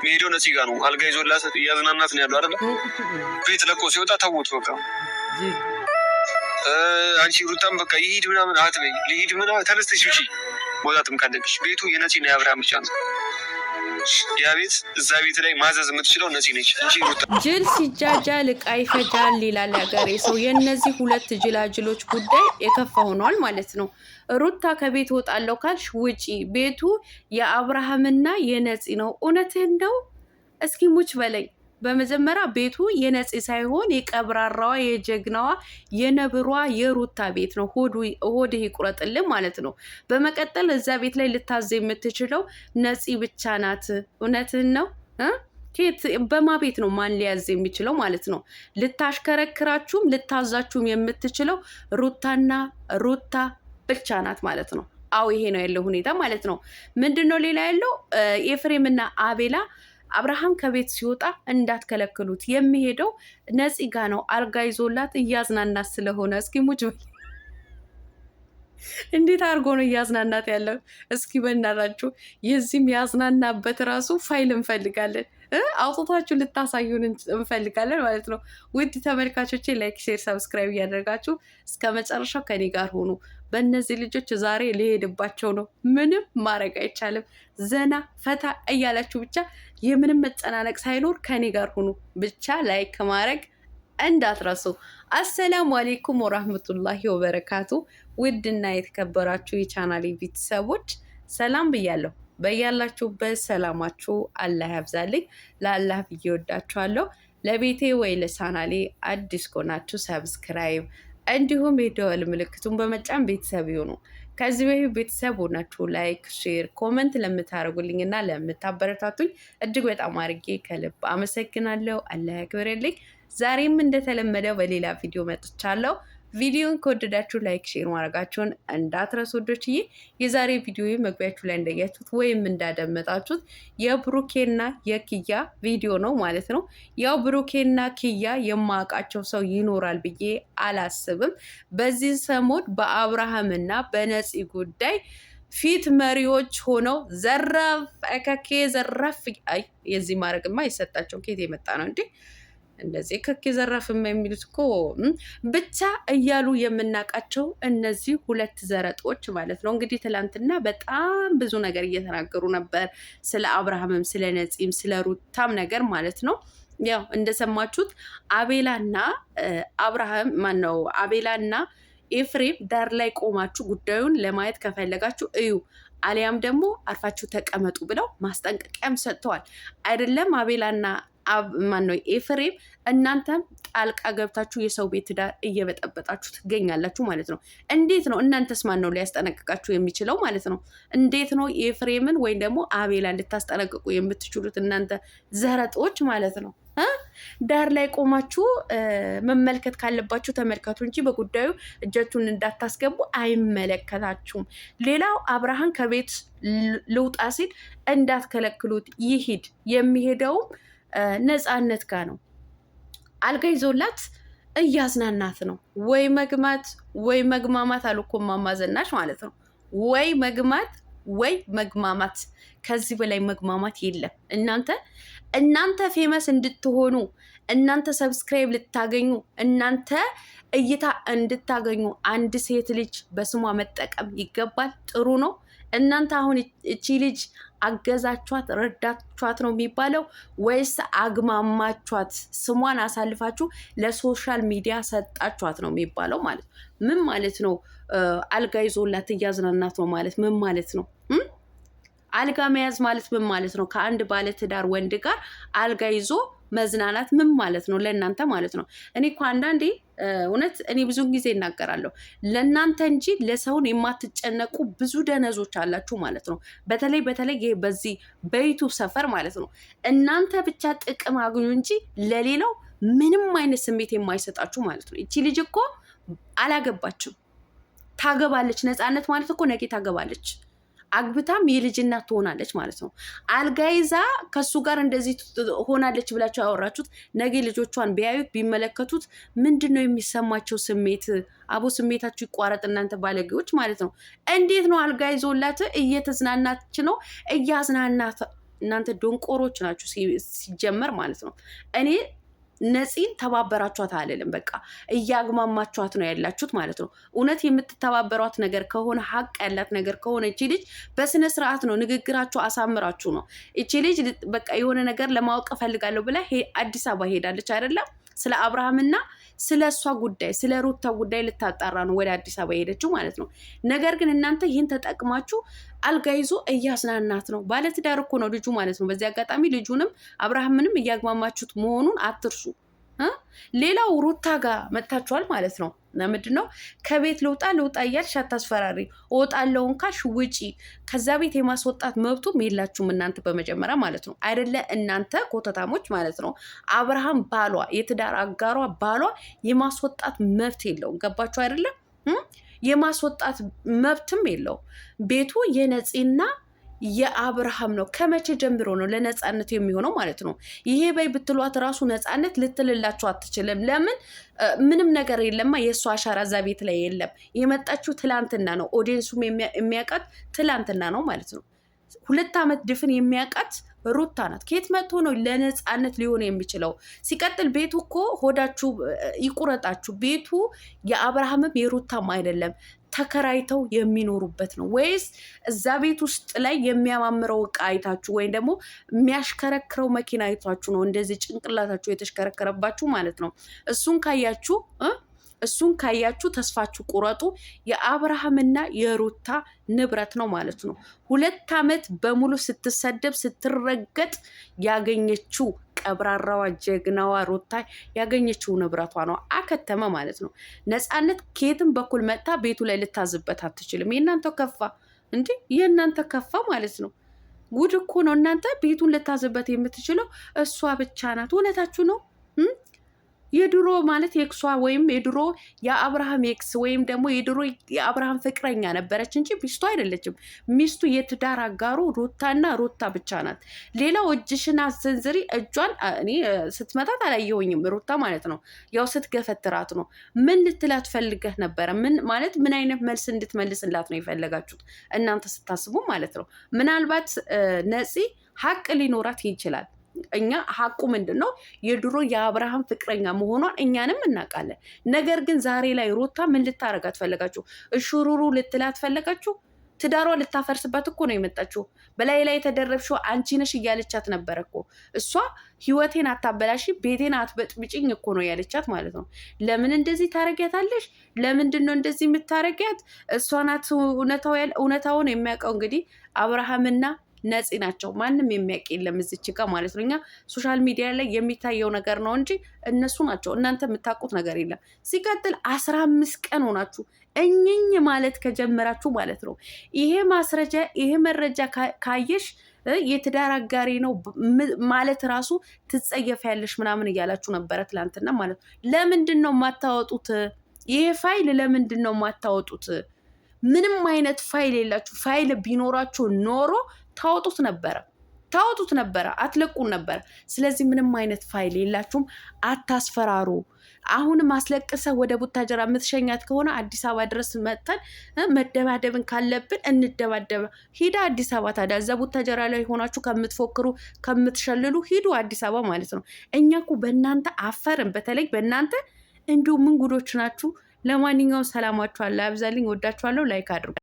የሚሄደው ነፂ ጋር ነው። አልጋ ይዞላት እያዝናናት ነው ያሉ አይደለ? ቤት ለቆ ሲወጣ ተውት በቃ አንቺ ሩታም በቃ ይሂድ ምናምን አትበይ፣ ልሂድ ምናምን ተነስተሽ ውጪ። መውጣትም ካለብሽ ቤቱ ነው የአብርሃም ብቻ ነው። ያ ቤት እዛ ቤት ላይ ማዘዝ የምትችለው እነዚህ ነች እንጂ ጅል ሲጃጃል እቃ ይፈጃል ይላል ያገሬ ሰው። የእነዚህ ሁለት ጅላጅሎች ጉዳይ የከፋ ሆኗል ማለት ነው። ሩታ ከቤት ወጣለው ካልሽ ውጪ፣ ቤቱ የአብርሃምና የነፂ ነው። እውነትህን ነው። እስኪ ሙች በለኝ። በመጀመሪያ ቤቱ የነፂ ሳይሆን የቀብራራዋ የጀግናዋ የነብሯ የሩታ ቤት ነው። ሆድህ ይቁረጥልን ማለት ነው። በመቀጠል እዛ ቤት ላይ ልታዝ የምትችለው ነፂ ብቻ ናት። እውነትህን ነው ኬት በማ ቤት ነው ማን ሊያዝ የሚችለው ማለት ነው። ልታሽከረክራችሁም ልታዛችሁም የምትችለው ሩታና ሩታ ብቻ ናት ማለት ነው። አዎ ይሄ ነው ያለው ሁኔታ ማለት ነው። ምንድን ነው ሌላ ያለው ኤፍሬምና አቤላ አብርሃም ከቤት ሲወጣ እንዳትከለክሉት የሚሄደው ነፂ ጋ ነው። አልጋ ይዞላት እያዝናናት ስለሆነ እስኪ ሙጭ እንዴት አድርጎ ነው እያዝናናት ያለው? እስኪ በናራችሁ የዚህም ያዝናናበት ራሱ ፋይል እንፈልጋለን። አውጥታችሁ ልታሳዩን እንፈልጋለን ማለት ነው። ውድ ተመልካቾቼ ላይክ፣ ሼር፣ ሰብስክራይብ እያደረጋችሁ እስከ መጨረሻው ከኔ ጋር ሆኑ። በእነዚህ ልጆች ዛሬ ሊሄድባቸው ነው። ምንም ማድረግ አይቻልም። ዘና ፈታ እያላችሁ ብቻ የምንም መጨናነቅ ሳይኖር ከኔ ጋር ሁኑ። ብቻ ላይክ ማድረግ እንዳትረሱ። አሰላሙ አሌይኩም ወራህመቱላሂ ወበረካቱ። ውድና የተከበራችሁ የቻናሌ ቤተሰቦች ሰላም ብያለሁ። በያላችሁበት ሰላማችሁ አላህ ያብዛልኝ። ለአላህ ብዬ ወዳችኋለሁ። ለቤቴ ወይ ለቻናሌ አዲስ ከሆናችሁ ሰብስክራይብ እንዲሁም የደወል ምልክቱን በመጫን ቤተሰብ ይሁኑ። ከዚህ በፊት ቤተሰብ ሆናችሁ ላይክ፣ ሼር፣ ኮመንት ለምታደርጉልኝ እና ለምታበረታቱኝ እጅግ በጣም አድርጌ ከልብ አመሰግናለሁ። አላህ ያክብርልኝ። ዛሬም እንደተለመደው በሌላ ቪዲዮ መጥቻለሁ። ቪዲዮን ከወደዳችሁ ላይክ፣ ሼር ማድረጋችሁን እንዳትረሱ ወዶችዬ። የዛሬ ቪዲዮ መግቢያችሁ ላይ እንዳያችሁት ወይም እንዳደመጣችሁት የብሩኬና የኪያ ቪዲዮ ነው ማለት ነው። ያው ብሩኬና ኪያ የማውቃቸው ሰው ይኖራል ብዬ አላስብም። በዚህ ሰሞን በአብርሃምና በነፂ ጉዳይ ፊት መሪዎች ሆነው ዘራፍ ከኬ ዘራፍ የዚህ ማድረግማ የሰጣቸው ኬት የመጣ ነው እንዴ? እንደዚህ ክክ የዘረፍም የሚሉት እኮ ብቻ እያሉ የምናውቃቸው እነዚህ ሁለት ዘረጦች ማለት ነው። እንግዲህ ትላንትና በጣም ብዙ ነገር እየተናገሩ ነበር፣ ስለ አብርሃምም፣ ስለ ነፂም፣ ስለ ሩታም ነገር ማለት ነው። ያው እንደሰማችሁት አቤላና አብርሃም ማነው አቤላና ኤፍሬም ዳር ላይ ቆማችሁ ጉዳዩን ለማየት ከፈለጋችሁ እዩ አሊያም ደግሞ አርፋችሁ ተቀመጡ ብለው ማስጠንቀቂያም ሰጥተዋል። አይደለም አቤላና ማን ነው ኤፍሬም፣ እናንተ ጣልቃ ገብታችሁ የሰው ቤት ዳር እየበጠበጣችሁ ትገኛላችሁ ማለት ነው። እንዴት ነው እናንተስ ማን ነው ሊያስጠነቅቃችሁ የሚችለው ማለት ነው? እንዴት ነው ኤፍሬምን ወይም ደግሞ አቤላ ልታስጠነቅቁ የምትችሉት እናንተ ዘረጦች ማለት ነው? ዳር ላይ ቆማችሁ መመልከት ካለባችሁ ተመልከቱ እንጂ በጉዳዩ እጃችሁን እንዳታስገቡ፣ አይመለከታችሁም። ሌላው አብርሃን ከቤት ልውጣ ሲል እንዳትከለክሉት ይሂድ የሚሄደውም ነፃነት ጋር ነው። አልጋ ይዞላት እያዝናናት ነው። ወይ መግማት ወይ መግማማት አሉ እኮ እማማ ዝናሽ ማለት ነው። ወይ መግማት ወይ መግማማት። ከዚህ በላይ መግማማት የለም። እናንተ እናንተ ፌመስ እንድትሆኑ እናንተ ሰብስክራይብ ልታገኙ እናንተ እይታ እንድታገኙ አንድ ሴት ልጅ በስሟ መጠቀም ይገባል። ጥሩ ነው። እናንተ አሁን እቺ ልጅ አገዛችኋት፣ ረዳችኋት ነው የሚባለው ወይስ አግማማችኋት? ስሟን አሳልፋችሁ ለሶሻል ሚዲያ ሰጣችኋት ነው የሚባለው ማለት ነው። ምን ማለት ነው? አልጋ ይዞላት እያዝናናት ነው ማለት ምን ማለት ነው? አልጋ መያዝ ማለት ምን ማለት ነው? ከአንድ ባለትዳር ወንድ ጋር አልጋ ይዞ መዝናናት ምን ማለት ነው ለእናንተ ማለት ነው። እኔ እኮ አንዳንዴ እውነት እኔ ብዙን ጊዜ እናገራለሁ ለእናንተ እንጂ ለሰውን የማትጨነቁ ብዙ ደነዞች አላችሁ ማለት ነው። በተለይ በተለይ በዚህ በዩቱብ ሰፈር ማለት ነው። እናንተ ብቻ ጥቅም አግኙ እንጂ ለሌላው ምንም አይነት ስሜት የማይሰጣችሁ ማለት ነው። እቺ ልጅ እኮ አላገባችም፣ ታገባለች። ነፃነት ማለት እኮ ነገ ታገባለች። አግብታም የልጅና ትሆናለች ማለት ነው። አልጋ ይዛ ከሱ ጋር እንደዚህ ሆናለች ብላቸው ያወራችሁት ነገ ልጆቿን ቢያዩት ቢመለከቱት ምንድን ነው የሚሰማቸው ስሜት? አቦ ስሜታችሁ ይቋረጥ እናንተ ባለጌዎች ማለት ነው። እንዴት ነው አልጋ ይዞላት እየተዝናናች ነው እያዝናናት እናንተ ዶንቆሮች ናችሁ ሲጀመር ማለት ነው። እኔ ነፂን ተባበራችኋት አልልም። በቃ እያግማማችኋት ነው ያላችሁት ማለት ነው። እውነት የምትተባበሯት ነገር ከሆነ ሀቅ ያላት ነገር ከሆነ እቺ ልጅ በስነ ስርዓት ነው ንግግራችሁ አሳምራችሁ ነው። እቺ ልጅ በቃ የሆነ ነገር ለማወቅ እፈልጋለሁ ብላ አዲስ አበባ ሄዳለች አይደለም ስለ አብርሃምና ስለ እሷ ጉዳይ ስለ ሩታ ጉዳይ ልታጣራ ነው ወደ አዲስ አበባ የሄደችው ማለት ነው። ነገር ግን እናንተ ይህን ተጠቅማችሁ አልጋ ይዞ እያዝናናት ነው። ባለትዳር እኮ ነው ልጁ ማለት ነው። በዚህ አጋጣሚ ልጁንም አብርሃምንም እያግማማችሁት መሆኑን አትርሱ። ሌላው ሩታ ጋር መጥታችኋል ማለት ነው። ምንድን ነው ከቤት ልውጣ ልውጣ እያልሽ አታስፈራሪ። እወጣለውን ካልሽ ውጪ። ከዛ ቤት የማስወጣት መብቱም የላችሁም እናንተ በመጀመሪያ ማለት ነው አይደለ? እናንተ ኮተታሞች ማለት ነው። አብርሃም ባሏ፣ የትዳር አጋሯ ባሏ የማስወጣት መብት የለውም። ገባችሁ አይደለም? የማስወጣት መብትም የለው ቤቱ የነፂና የአብርሃም ነው። ከመቼ ጀምሮ ነው ለነፃነቱ የሚሆነው ማለት ነው? ይሄ በይ ብትሏት ራሱ ነፃነት ልትልላቸው አትችልም። ለምን? ምንም ነገር የለማ። የእሱ አሻራ እዛ ቤት ላይ የለም። የመጣችው ትላንትና ነው። ኦዲየንሱም የሚያውቃት ትላንትና ነው ማለት ነው። ሁለት ዓመት ድፍን የሚያውቃት ሩታ ናት። ከየት መጥቶ ነው ለነፃነት ሊሆን የሚችለው? ሲቀጥል ቤቱ እኮ ሆዳችሁ ይቁረጣችሁ። ቤቱ የአብርሃምም የሩታም አይደለም። ተከራይተው የሚኖሩበት ነው ወይስ እዛ ቤት ውስጥ ላይ የሚያማምረው እቃ አይታችሁ ወይም ደግሞ የሚያሽከረክረው መኪና አይታችሁ ነው እንደዚህ ጭንቅላታችሁ የተሽከረከረባችሁ ማለት ነው። እሱን ካያችሁ እሱን ካያችሁ ተስፋችሁ ቁረጡ። የአብርሃምና የሩታ ንብረት ነው ማለት ነው። ሁለት ዓመት በሙሉ ስትሰደብ ስትረገጥ ያገኘችው ቀብራራዋ ጀግናዋ ሩታ ያገኘችው ንብረቷ ነው። አከተመ ማለት ነው። ነፃነት ከየትም በኩል መጥታ ቤቱ ላይ ልታዝበት አትችልም። የእናንተ ከፋ እንዴ! የእናንተ ከፋ ማለት ነው። ጉድ እኮ ነው። እናንተ ቤቱን ልታዝበት የምትችለው እሷ ብቻ ናት። እውነታችሁ ነው። የድሮ ማለት የክሷ ወይም የድሮ የአብርሃም ኤክስ ወይም ደግሞ የድሮ የአብርሃም ፍቅረኛ ነበረች እንጂ ሚስቱ አይደለችም። ሚስቱ የትዳር አጋሩ ሩታና ሩታ ብቻ ናት። ሌላው እጅሽን አዘንዝሪ እጇን እኔ ስትመታት አላየሁኝም። ሩታ ማለት ነው ያው ስትገፈትራት ነው። ምን ልትላት ፈልገህ ነበረ? ምን ማለት ምን አይነት መልስ እንድትመልስላት ነው የፈለጋችሁት እናንተ ስታስቡ ማለት ነው። ምናልባት ነፂ ሀቅ ሊኖራት ይችላል እኛ ሀቁ ምንድን ነው? የድሮ የአብርሃም ፍቅረኛ መሆኗን እኛንም እናውቃለን። ነገር ግን ዛሬ ላይ ሩታ ምን ልታረጋት አትፈለጋችሁ? እሹሩሩ ልትላ ፈለጋችሁ? ትዳሯ ልታፈርስባት እኮ ነው የመጣችው። በላይ ላይ የተደረብሽው አንቺ ነሽ እያለቻት ነበረ እኮ እሷ። ህይወቴን አታበላሽ፣ ቤቴን አትበጥብጭኝ እኮ ነው ያለቻት ማለት ነው። ለምን እንደዚህ ታረጊያታለሽ? ለምንድን ነው እንደዚህ የምታረጊያት? እሷ ናት እውነታውን የሚያውቀው። እንግዲህ አብርሃምና ነፂ ናቸው። ማንም የሚያውቅ የለም እዚች ጋር ማለት ነው። እኛ ሶሻል ሚዲያ ላይ የሚታየው ነገር ነው እንጂ እነሱ ናቸው። እናንተ የምታውቁት ነገር የለም። ሲቀጥል አስራ አምስት ቀን ሆናችሁ እኝኝ ማለት ከጀመራችሁ ማለት ነው ይሄ ማስረጃ ይሄ መረጃ ካየሽ የትዳር አጋሪ ነው ማለት ራሱ ትጸየፊያለሽ ምናምን እያላችሁ ነበረ ትላንትና ማለት ነው። ለምንድን ነው የማታወጡት? ይሄ ፋይል ለምንድን ነው የማታወጡት? ምንም አይነት ፋይል የላችሁ። ፋይል ቢኖራችሁ ኖሮ ታወጡት ነበረ ታወጡት ነበረ፣ አትለቁን ነበረ። ስለዚህ ምንም አይነት ፋይል የላችሁም፣ አታስፈራሩ። አሁንም አስለቅሰ ወደ ቡታጀራ የምትሸኛት ከሆነ አዲስ አበባ ድረስ መጥተን መደባደብን ካለብን እንደባደበ ሂዳ አዲስ አበባ ታዲያ እዛ ቡታጀራ ላይ ሆናችሁ ከምትፎክሩ ከምትሸልሉ ሂዱ አዲስ አበባ ማለት ነው። እኛ እኮ በእናንተ አፈርን፣ በተለይ በእናንተ እንዲሁ ምን ጉዶች ናችሁ። ለማንኛውም ሰላማችኋል፣ አብዛልኝ፣ ወዳችኋለሁ። ላይክ አድርጉ።